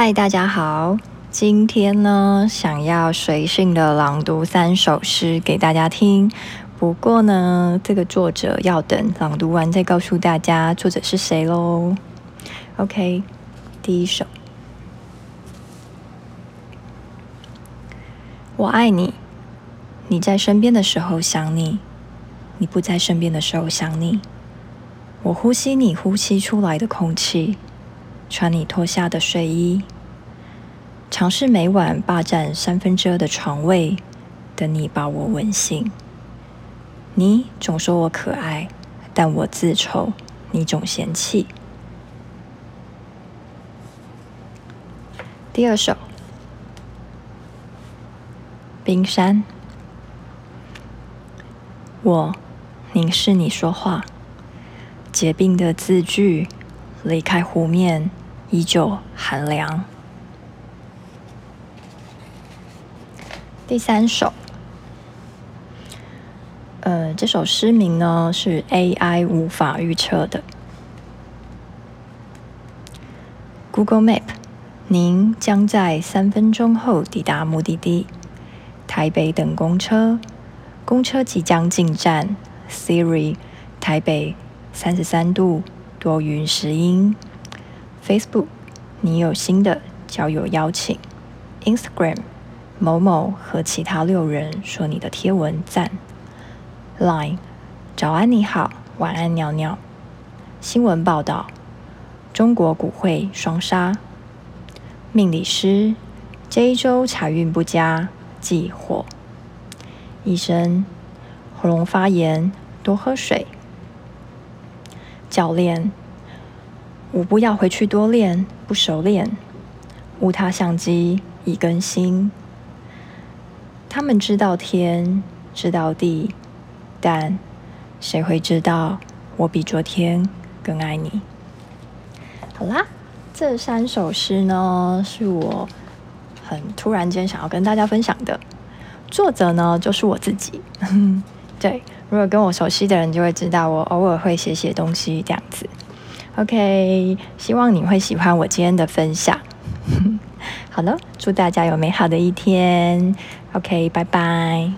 嗨，大家好！今天呢，想要隨性的朗讀三首詩給大家聽。不過呢，這個作者要等朗讀完再告訴大家作者是誰嘍。OK，第一首，我愛你，你在身邊的時候想你，你不在身邊的時候想你，我呼吸你呼吸出來的空氣。穿你脫下的睡衣，嘗試每晚霸占三分之二的床位，等你把我吻醒。你總說我可愛，但我自醜，你總嫌棄。第二首，冰山，我凝視你說話，結冰的字句離開湖面。依舊寒涼。第三首，呃，這首詩名呢是 AI 無法預測的。Google Map，您將在三分鐘後抵達目的地。台北等公車，公車即將進站。Siri，台北三十三度，多雲時陰，十陰。Facebook，你有新的交友邀請。Instagram，某某和其他六人說你的貼文讚。Line，早安你好，晚安尿尿。新聞報道：中國股匯雙殺。命理師，這一周財運不佳，忌火。醫生，喉嚨發炎，多喝水。教練。我不要回去多練，不熟練。無他，相機已更新。他們知道天，知道地，但誰會知道我比昨天更愛你？好啦，這三首詩呢，是我很突然間想要跟大家分享的。作者呢，就是我自己。 對，如果跟我熟悉的人就會知道，我偶爾會寫寫東西這樣子。OK，希望你會喜歡我今天的分享。 好了，祝大家有美好的一天。OK，拜拜。